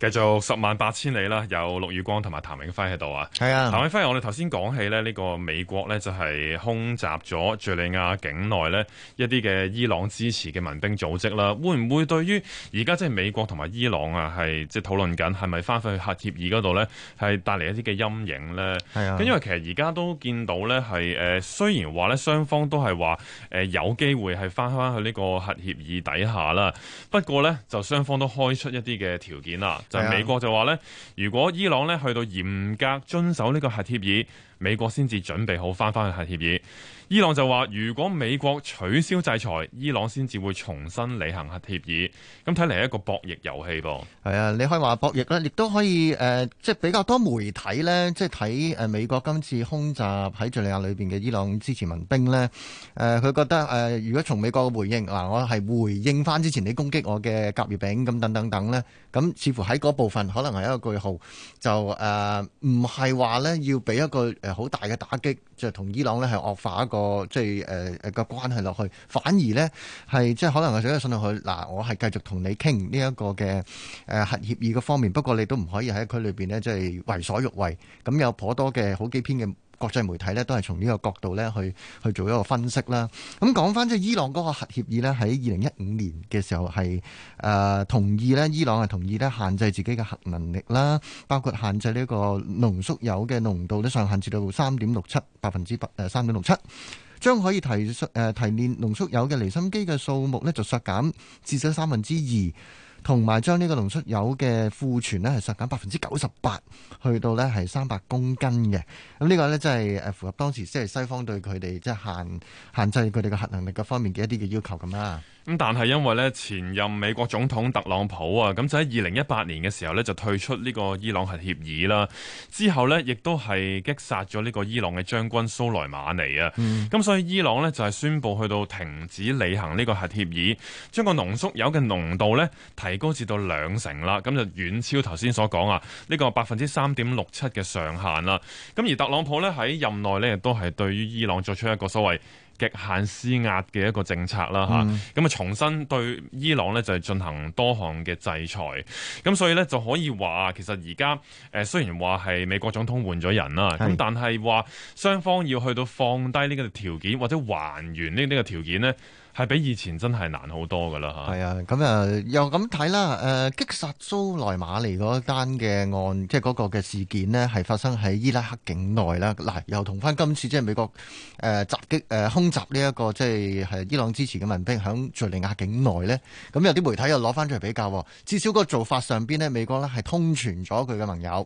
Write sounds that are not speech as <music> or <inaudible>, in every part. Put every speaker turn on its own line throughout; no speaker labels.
繼續十萬八千里啦，有陸宇光同埋譚永輝喺度啊。係啊，譚永輝，我哋頭先講起咧，呢個美國咧就係空襲咗敘利亞境內咧一啲嘅伊朗支持嘅民兵組織啦。會唔會對於而家即係美國同埋伊朗啊，係即係討論緊係咪翻返去核協議嗰度咧，係帶嚟一啲嘅陰影咧？係啊，咁因為其實而家都見到咧，係誒雖然話咧雙方都係話誒有機會係翻返去呢個核協議底下啦，不過咧就雙方都開出一啲嘅條件啦。就、啊、美國就話呢，如果伊朗咧去到嚴格遵守呢個核協議，美國先至準備好翻翻去核協議。伊朗就話，如果美國取消制裁，伊朗先至會重新履行核協議。咁睇嚟係一個博弈遊戲噃。
係啊，你可以話博弈呢亦都可以誒、呃，即係比較多媒體呢，即係睇誒美國今次空襲喺敘利亞裏邊嘅伊朗支持民兵呢。誒、呃，佢覺得誒、呃，如果從美國嘅回應嗱、呃，我係回應翻之前你攻擊我嘅甲乙丙咁等等等呢。咁似乎喺嗰部分可能係一個句號，就誒唔係話咧要俾一個好大嘅打擊，就同、係、伊朗咧係惡化一個即係誒誒個關係落去，反而咧係即係可能我想信到去嗱，我係繼續同你傾呢一個嘅誒、呃、核協議嘅方面，不過你都唔可以喺佢裏面呢，即、就、係、係、為所欲為，咁有頗多嘅好幾篇嘅。國際媒體咧都係從呢個角度咧去去做一個分析啦。咁講翻即係伊朗嗰個核協議咧，喺二零一五年嘅時候係誒同意咧，伊朗係同意咧限制自己嘅核能力啦，包括限制呢個濃縮鈾嘅濃度咧上限至到三點六七百分之百誒三點六七，將可以提誒提煉濃縮鈾嘅離心機嘅數目咧就削減至少三分之二。同埋將呢個濃縮鈾嘅庫存咧係削減百分之九十八，去到咧係三百公斤嘅。咁呢個咧即係符合當時即係西方對佢哋即係限限制佢哋嘅核能力各方面嘅一啲嘅要求咁啦。
咁但係因為咧，前任美國總統特朗普啊，咁就喺二零一八年嘅時候咧，就退出呢個伊朗核協議啦。之後呢，亦都係擊殺咗呢個伊朗嘅將軍蘇萊馬尼啊。咁所以伊朗呢就係宣布去到停止履行呢個核協議，將個濃縮油嘅濃度呢提高至到兩成啦，咁就遠超頭先所講啊，呢個百分之三點六七嘅上限啦。咁而特朗普呢，喺任內呢，亦都係對於伊朗作出一個所謂極限施壓嘅一個政策啦嚇，咁、嗯、啊重新對伊朗呢就係進行多項嘅制裁，咁所以呢，就可以話其實而家誒雖然話係美國總統換咗人啦，咁但係話雙方要去到放低呢個條件或者還原呢呢個條件呢，係比以前真係難好多噶啦吓，
係啊，咁、嗯、啊又咁睇啦，誒、呃，擊殺蘇萊馬尼嗰單嘅案，即係嗰個嘅事件呢，係發生喺伊拉克境內啦。嗱，又同翻今次即係美國誒襲擊誒空襲呢一個即係係伊朗支持嘅民兵響敘利亞境內呢。咁、嗯、有啲媒體又攞翻出嚟比較，至少嗰個做法上邊呢，美國呢係通傳咗佢嘅盟友。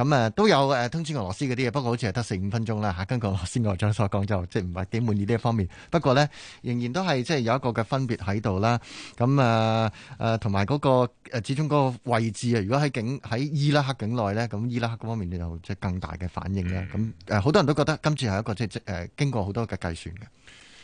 咁啊，都有誒通知俄羅斯嗰啲嘢，不過好似係得四五分鐘啦嚇。根據俄羅斯外長所講，就即係唔係幾滿意呢一方面。不過咧，仍然都係即係有一個嘅分別喺度啦。咁啊誒，同埋嗰個始終嗰個位置啊，如果喺境喺伊拉克境內咧，咁伊拉克嗰方面就即係更大嘅反應啦。咁、嗯、誒，好多人都覺得今次係一個即係誒經過好多嘅計算嘅。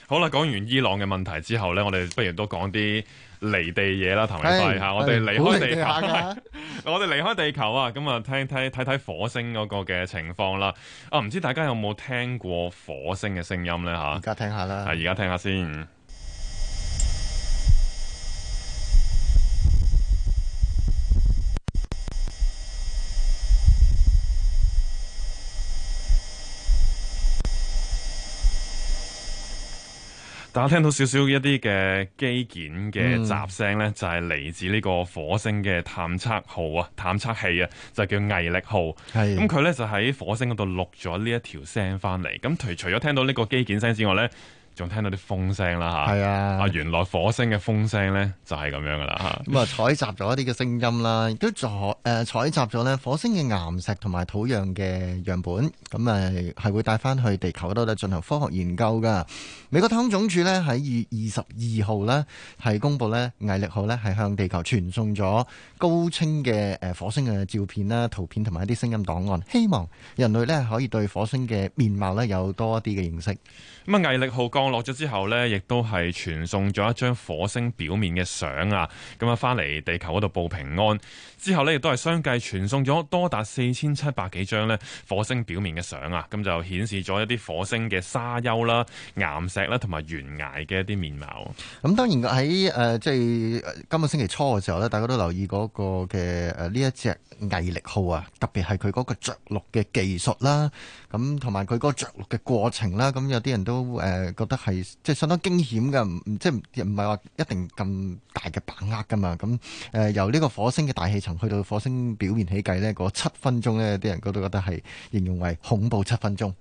好啦，講完伊朗嘅問題之後咧，我哋不如都講啲離地嘢啦，譚偉我哋離開地界。 <laughs> 我哋離開地球啊！咁啊，聽聽睇睇火星嗰個嘅情況啦。啊，唔知大家有冇聽過火星嘅聲音呢？吓，而家聽下啦。啊，而家聽下先。大家聽到少少一啲嘅機件嘅雜聲咧，就係嚟自呢個火星嘅探測號啊，探測器啊，就叫毅力號。係，咁佢咧就喺火星嗰度錄咗呢一條聲翻嚟。咁除除咗聽到呢個機件聲之外咧。仲聽到啲風聲啦嚇，係啊！啊原來火星嘅風聲咧就係咁樣噶啦嚇。
咁啊，採集咗一啲嘅聲音啦，亦都採誒採集咗咧火星嘅岩石同埋土壤嘅樣本，咁咪係會帶翻去地球嗰度咧進行科學研究噶。美國太空總署呢，喺二月二十二號呢，係公佈呢毅力號呢，係向地球傳送咗高清嘅誒火星嘅照片啦、圖片同埋一啲聲音檔案，希望人類呢，可以對火星嘅面貌呢，有多一啲嘅認識。
咁啊，毅力號落咗之後咧，亦都係傳送咗一張火星表面嘅相啊，咁啊翻嚟地球度報平安之後咧，亦都係相繼傳送咗多達四千七百幾張咧火星表面嘅相啊，咁就顯示咗一啲火星嘅沙丘啦、岩石啦同埋懸崖嘅一啲面貌。
咁當然喺誒即係今個星期初嘅時候咧，大家都留意個嘅誒呢一隻毅力號啊，特別係佢個着陸嘅技術啦，咁同埋佢個着陸嘅過程啦，咁有啲人都誒、呃、覺得。係即係相當驚險嘅，唔即係唔係話一定咁大嘅把握噶嘛，咁、嗯、誒、呃、由呢個火星嘅大氣層去到火星表面起計呢，嗰七分鐘呢，啲人都都覺得係形容為恐怖七分鐘。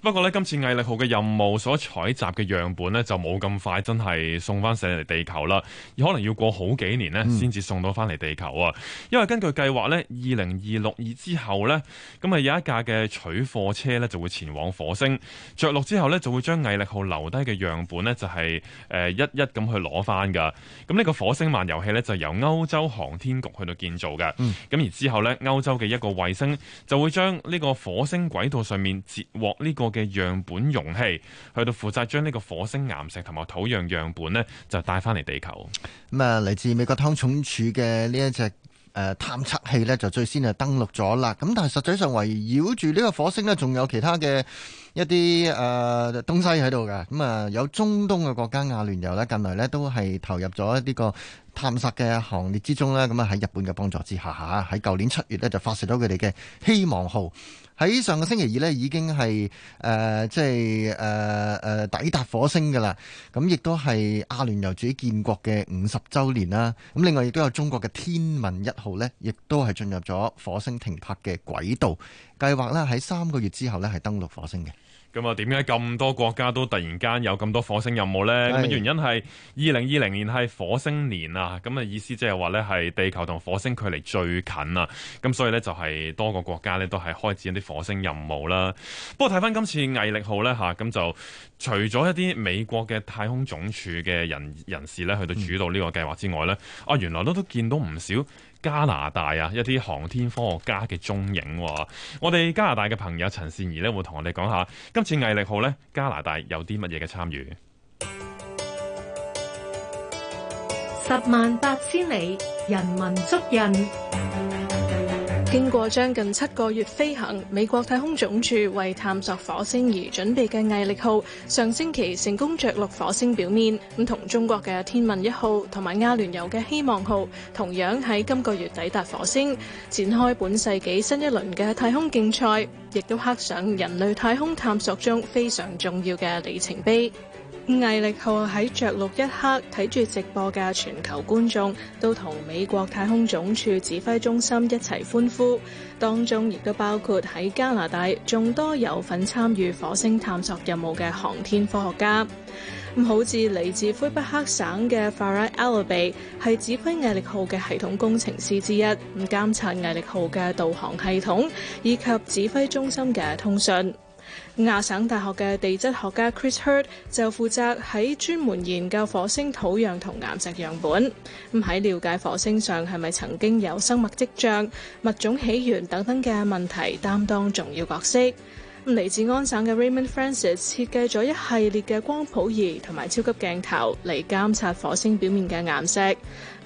不過呢今次毅力號嘅任務所採集嘅樣本呢，就冇咁快真係送翻上嚟地球啦，可能要過好幾年呢先至送到翻嚟地球啊！因為根據計劃呢，二零二六二之後呢，咁啊有一架嘅取貨車呢就會前往火星着陸，之後呢就會將毅力號留低嘅樣本呢就係誒一一咁去攞翻噶。咁呢個火星漫遊器呢就由歐洲航天局去到建造嘅咁，而之後呢，歐洲嘅一個衛星就會將呢個火星軌道上面截獲。呢、這個嘅樣本容器，去到負責將呢個火星岩石同埋土壤樣本呢，就帶翻嚟地球。
咁啊，嚟自美國湯總處嘅呢一隻誒探測器呢，就最先啊登陸咗啦。咁但係實際上圍繞住呢個火星呢，仲有其他嘅一啲誒、呃、東西喺度嘅。咁啊，有中東嘅國家阿聯酋呢，近來呢都係投入咗呢個探測嘅行列之中啦。咁啊，喺日本嘅幫助之下吓，喺舊年七月呢，就發射咗佢哋嘅希望號。喺上個星期二咧，已經係誒即係誒誒抵達火星噶啦，咁亦都係阿聯酋主建國嘅五十週年啦。咁另外亦都有中國嘅天問一號呢，亦都係進入咗火星停泊嘅軌道，計劃呢，喺三個月之後呢，係登陸火星嘅。
咁啊，點解咁多國家都突然間有咁多火星任務呢？咁原因係二零二零年係火星年啊！咁啊意思即係話呢係地球同火星距離最近啊，咁所以呢，就係多個國家呢都係開展啲火星任務啦。不過睇返今次毅力號呢，吓咁就除咗一啲美國嘅太空總署嘅人人士呢去到主導呢個計劃之外呢，嗯，啊原來都都見到唔少。加拿大啊，一啲航天科學家嘅蹤影。我哋加拿大嘅朋友陳善宜呢，會同我哋講下今次毅力號呢，加拿大有啲乜嘢嘅參與？
十萬八千里，人文足
印。經過將近七個月飛行，美國太空總署為探索火星而準備嘅毅力號上星期成功着陸火星表面，咁同中國嘅天問一號同埋阿聯酋嘅希望號，同樣喺今個月抵達火星，展開本世紀新一輪嘅太空競賽，亦都刻上人類太空探索中非常重要嘅里程碑。毅力號喺着陸一刻睇住直播嘅全球觀眾，都同美國太空總署指揮中心一齊歡呼。當中亦都包括喺加拿大眾多有份參與火星探索任務嘅航天科學家。咁好似嚟自魁北克省嘅 Farah Alabi 係指揮毅力號嘅系統工程師之一，咁監察毅力號嘅導航系統以及指揮中心嘅通訊。亞省大學嘅地質學家 Chris Hurd 就負責喺專門研究火星土壤同岩石樣本，咁喺了解火星上係咪曾經有生物迹象、物種起源等等嘅問題擔當重要角色。嚟自安省嘅 Raymond Francis 設計咗一系列嘅光譜儀同埋超級鏡頭嚟監察火星表面嘅顏色。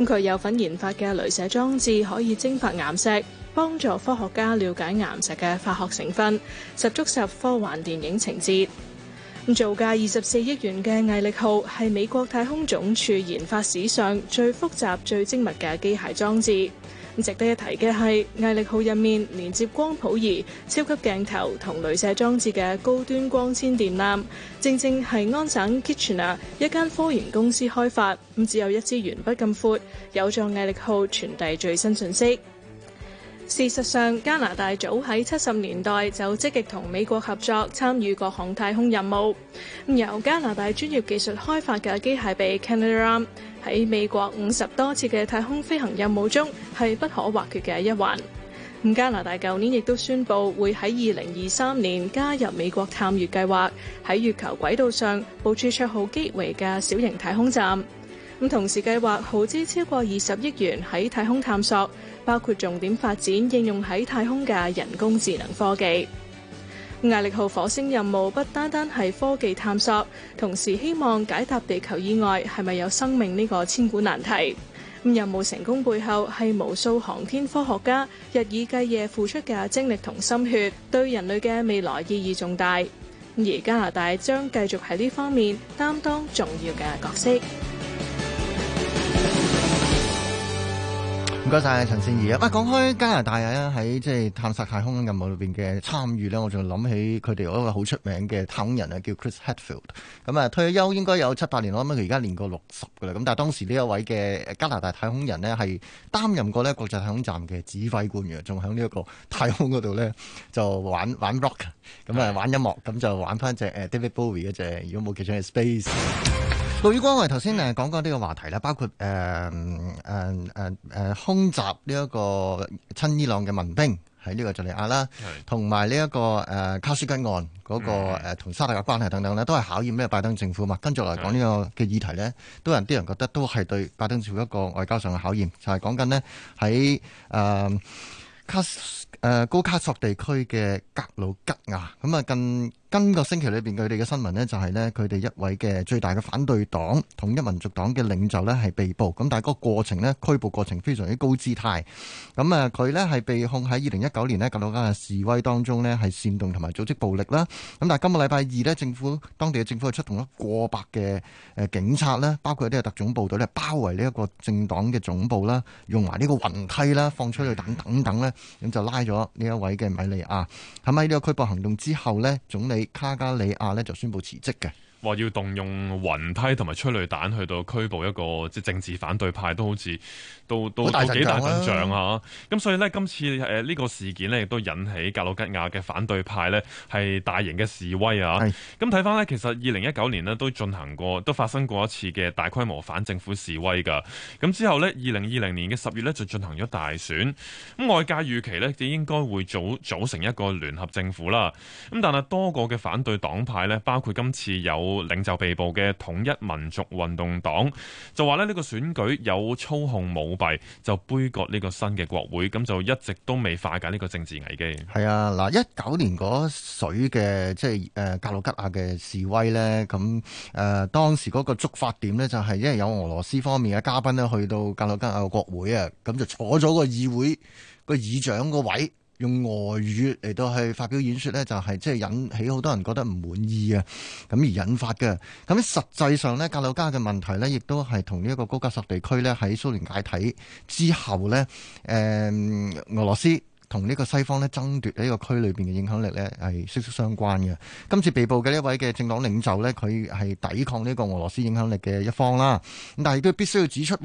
佢有份研發嘅鐳射裝置可以蒸發岩石。幫助科學家了解岩石嘅化學成分，十足十科幻電影情節。咁造價二十四億元嘅毅力號係美國太空總署研發史上最複雜、最精密嘅機械裝置。值得一提嘅係毅力號入面連接光譜儀、超級鏡頭同雷射裝置嘅高端光纖電纜，正正係安省 Kitchener 一間科研公司開發。咁只有一支鉛筆咁闊，有助毅力號傳遞最新信息。事實上，加拿大早喺七十年代就積極同美國合作，參與各項太空任務。由加拿大專業技術開發嘅機械臂 Canadarm 喺美國五十多次嘅太空飛行任務中係不可或缺嘅一環。加拿大舊年亦都宣布會喺二零二三年加入美國探月計劃，喺月球軌道上部署綽號 Gateway 嘅小型太空站。咁同時計劃耗資超過二十億元喺太空探索，包括重點發展應用喺太空嘅人工智能科技。毅力號火星任務不單單係科技探索，同時希望解答地球以外係咪有生命呢個千古難題。任務成功背後係無數航天科學家日以繼夜付出嘅精力同心血，對人類嘅未來意義重大。而加拿大將繼續喺呢方面擔當重要嘅角色。
唔該晒，陳善宜啊！講開加拿大啊，喺即係探索太空任務裏面嘅參與咧，我仲諗起佢哋嗰個好出名嘅太空人啊，叫 Chris Hadfield。咁啊，退休應該有七八年，我諗佢而家年過六十噶啦。咁但係當時呢一位嘅加拿大太空人呢，係擔任過呢國際太空站嘅指揮官員，仲喺呢一個太空嗰度呢，就玩玩 rock，咁啊玩音樂，咁就玩翻隻 David Bowie 嘅隻《如果冇記錯係 Space》。對於關外頭先誒講過呢個話題咧，包括誒誒誒誒空襲呢一個親伊朗嘅民兵喺呢個敍利亞啦，同埋呢一個誒、呃、卡舒吉案嗰個同沙特嘅關係等等咧，都係考驗咧拜登政府嘛。跟住嚟講呢個嘅議題咧，都有啲人覺得都係對拜登政府一個外交上嘅考驗，就係講緊呢喺誒卡誒、呃、高卡索地區嘅格魯吉亞咁啊近。更今個星期裏邊佢哋嘅新聞呢就係、是、呢，佢哋一位嘅最大嘅反對黨統一民族黨嘅領袖呢係被捕。咁但係嗰個過程呢，拘捕過程非常之高姿態。咁、嗯、啊，佢呢係被控喺二零一九年呢格魯吉亞嘅示威當中呢係煽動同埋組織暴力啦。咁、嗯、但係今個禮拜二呢，政府當地嘅政府係出動咗過百嘅誒警察啦，包括一啲嘅特種部隊呢，包圍呢一個政黨嘅總部啦，用埋呢個雲梯啦，放出去等等等呢。咁、嗯嗯嗯嗯、就拉咗呢一位嘅米利亞。咁喺呢個拘捕行動之後呢，總理。卡加里亞咧就宣布辭職嘅。
話要動用雲梯同埋催淚彈去到拘捕一個即政治反對派，都好似都都幾大陣仗吓。咁所以呢，今次誒呢個事件呢，亦都引起格魯吉亞嘅反對派呢係大型嘅示威啊。咁睇翻呢，其實二零一九年呢都進行過，都發生過一次嘅大規模反政府示威噶。咁之後呢，二零二零年嘅十月呢，就進行咗大選。咁外界預期呢，就應該會組組成一個聯合政府啦。咁但係多個嘅反對黨派呢，包括今次有。領袖被捕嘅統一民族運動黨就話呢個選舉有操控舞弊，就杯葛呢個新嘅國會，咁就一直都未化解呢個政治危機。
係啊，嗱一九年嗰水嘅即係誒格魯吉亞嘅示威呢，咁誒、呃、當時嗰個觸發點呢，就係因為有俄羅斯方面嘅嘉賓去到格魯吉亞嘅國會啊，咁就坐咗個議會個議長個位。用俄語嚟到去發表演説呢，就係即係引起好多人覺得唔滿意啊，咁而引發嘅。咁實際上呢，格魯加嘅問題呢，亦都係同呢一個高加索地區呢喺蘇聯解體之後呢，誒，俄羅斯同呢個西方呢爭奪呢個區裏邊嘅影響力呢係息息相關嘅。今次被捕嘅呢一位嘅政黨領袖呢，佢係抵抗呢個俄羅斯影響力嘅一方啦。咁但係都必須要指出。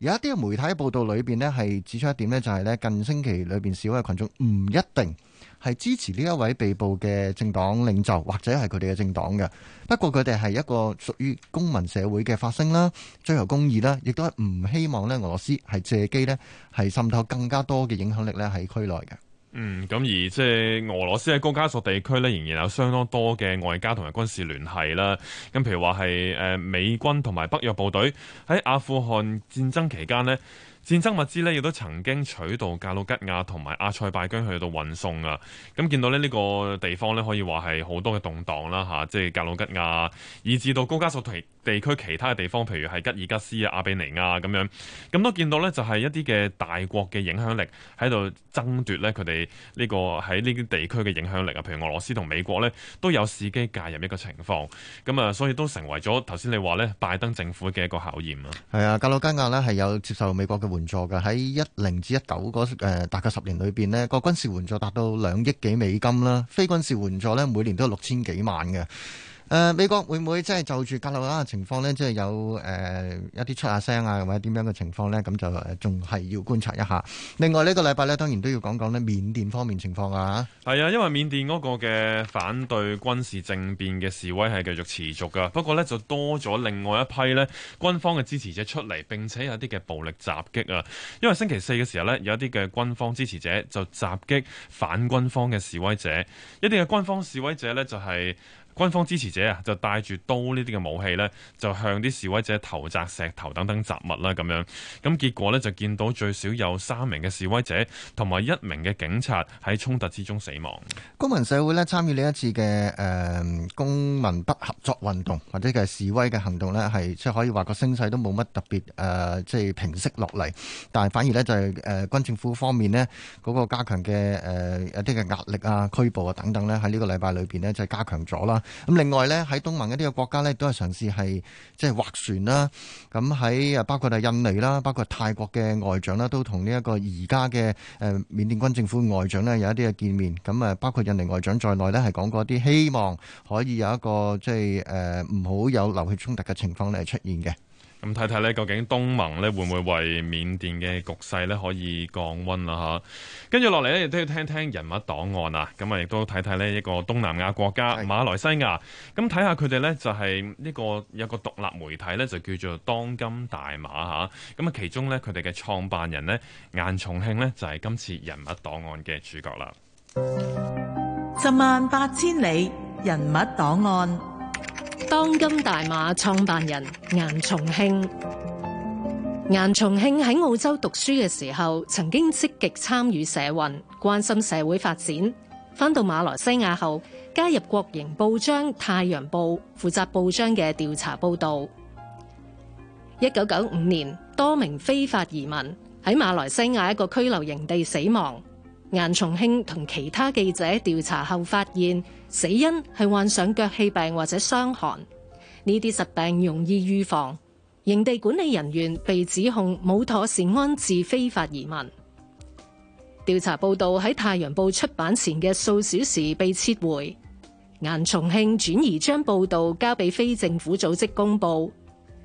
有一啲媒體報道裏邊咧，係指出一點呢就係咧近星期裏邊，示威群眾唔一定係支持呢一位被捕嘅政黨領袖，或者係佢哋嘅政黨嘅。不過佢哋係一個屬於公民社會嘅發聲啦，追求公義啦，亦都唔希望呢俄羅斯係借機呢係滲透更加多嘅影響力呢喺區內嘅。
嗯，咁而即係俄羅斯喺高加索地區咧，仍然有相當多嘅外交同埋軍事聯繫啦。咁譬如話係誒美軍同埋北約部隊喺阿富汗戰爭期間呢。戰爭物資呢，亦都曾經取道格魯吉亞同埋阿塞拜疆去到運送啊！咁見到呢呢個地方呢，可以話係好多嘅動盪啦吓，即係格魯吉亞，以至到高加索地地區其他嘅地方，譬如係吉爾吉斯啊、阿比尼亞咁樣。咁都見到呢，就係一啲嘅大國嘅影響力喺度爭奪呢。佢哋呢個喺呢啲地區嘅影響力啊，譬如俄羅斯同美國呢，都有伺機介入一個情況。咁啊，所以都成為咗頭先你話呢拜登政府嘅一個考驗啊。
係啊，格魯吉亞呢，係有接受美國嘅援助嘅喺一零至一九嗰誒大概十年裏邊，呢個軍事援助達到兩億幾美金啦，非軍事援助咧，每年都有六千幾萬嘅。誒、呃，美國會唔會即係就住格林蘭嘅情況呢即係、就是、有誒、呃、一啲出下聲啊，或者點樣嘅情況呢？咁就仲係、呃、要觀察一下。另外呢、這個禮拜呢，當然都要講講呢，緬甸方面情況啊。
係啊，因為緬甸嗰個嘅反對軍事政變嘅示威係繼續持續噶。不過呢，就多咗另外一批呢軍方嘅支持者出嚟，並且有啲嘅暴力襲擊啊。因為星期四嘅時候呢，有一啲嘅軍方支持者就襲擊反軍方嘅示威者，一啲嘅軍方示威者呢，就係、是。軍方支持者啊，就帶住刀呢啲嘅武器呢，就向啲示威者投擲石頭等等雜物啦，咁樣咁結果呢，就見到最少有三名嘅示威者同埋一名嘅警察喺衝突之中死亡。
公民社會呢，參與呢一次嘅誒、呃、公民不合作運動或者嘅示威嘅行動呢，係即係可以話個聲勢都冇乜特別誒、呃，即係平息落嚟。但係反而呢、就是，就係誒軍政府方面呢，嗰、那個加強嘅誒、呃、一啲嘅壓力啊、拘捕啊等等呢，喺呢個禮拜裏邊呢，就係加強咗啦。咁另外咧，喺東盟一啲嘅國家咧，都係嘗試係即係划船啦。咁喺包括係印尼啦，包括泰國嘅外長啦，都同呢一個而家嘅誒緬甸軍政府外長咧有一啲嘅見面。咁包括印尼外長在內咧，係講過一啲希望可以有一個即係誒唔好有流血衝突嘅情況嚟出現嘅。
咁睇睇咧，究竟東盟咧會唔會為緬甸嘅局勢咧可以降溫啦？嚇，跟住落嚟咧亦都要聽聽人物檔案啊！咁啊，亦都睇睇呢一個東南亞國家馬來西亞，咁睇下佢哋呢，就係呢個有個獨立媒體呢就叫做《當今大馬》嚇，咁啊其中呢，佢哋嘅創辦人呢，顏重慶呢就係今次人物檔案嘅主角啦。
十萬八千里人物檔案。當今大馬創辦人顏重慶，顏重慶喺澳洲讀書嘅時候，曾經積極參與社運，關心社會發展。返到馬來西亞後，加入國營報章《太陽報》，負責報章嘅調查報道。一九九五年，多名非法移民喺馬來西亞一個拘留營地死亡。顏重慶同其他記者調查後發現，死因係患上腳氣病或者傷寒，呢啲疾病容易預防。營地管理人員被指控冇妥善安置非法移民。調查報導喺《太陽報》出版前嘅數小時被撤回，顏重慶轉移將報導交俾非政府組織公佈，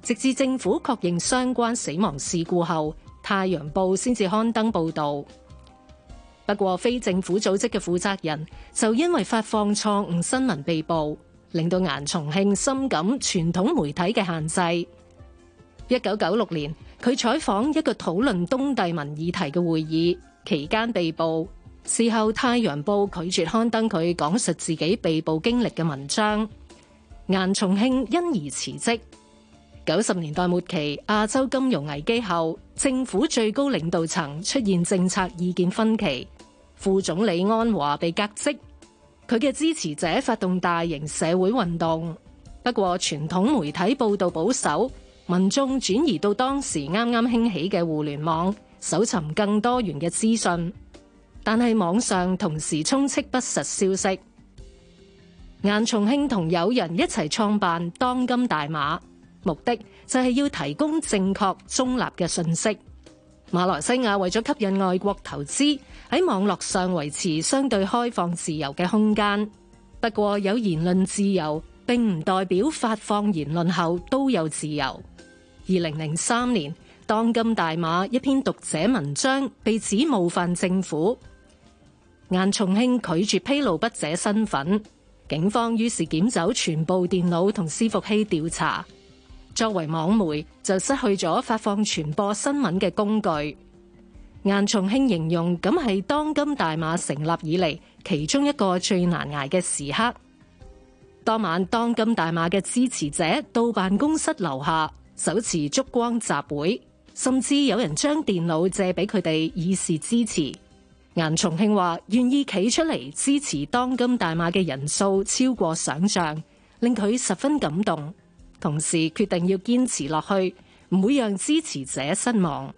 直至政府確認相關死亡事故後，《太陽報》先至刊登報導。不過，非政府組織嘅負責人就因為發放錯誤新聞被捕，令到顏重慶深感傳統媒體嘅限制。一九九六年，佢採訪一個討論東帝汶議題嘅會議期間被捕，事後《太陽報》拒絕刊登佢講述自己被捕經歷嘅文章。顏重慶因而辭職。九十年代末期，亞洲金融危機後，政府最高領導層出現政策意見分歧。副總理安華被革職，佢嘅支持者發動大型社會運動。不過傳統媒體報道保守，民眾轉移到當時啱啱興起嘅互聯網，搜尋更多元嘅資訊。但係網上同時充斥不實消息。顏重慶同友人一齊創辦當今大馬，目的就係要提供正確中立嘅信息。馬來西亞為咗吸引外國投資，喺網絡上維持相對開放自由嘅空間。不過，有言論自由，並唔代表發放言論後都有自由。二零零三年，當今大馬一篇讀者文章被指冒犯政府，顏重慶拒絕披露筆者身份，警方於是檢走全部電腦同伺服器調查。作為網媒就失去咗發放傳播新聞嘅工具。顏重慶形容咁係當今大馬成立以嚟其中一個最難捱嘅時刻。當晚，當今大馬嘅支持者到辦公室樓下手持燭光集會，甚至有人將電腦借俾佢哋以示支持。顏重慶話：願意企出嚟支持當今大馬嘅人數超過想象，令佢十分感動。同時決定要堅持落去，唔會讓支持者失望。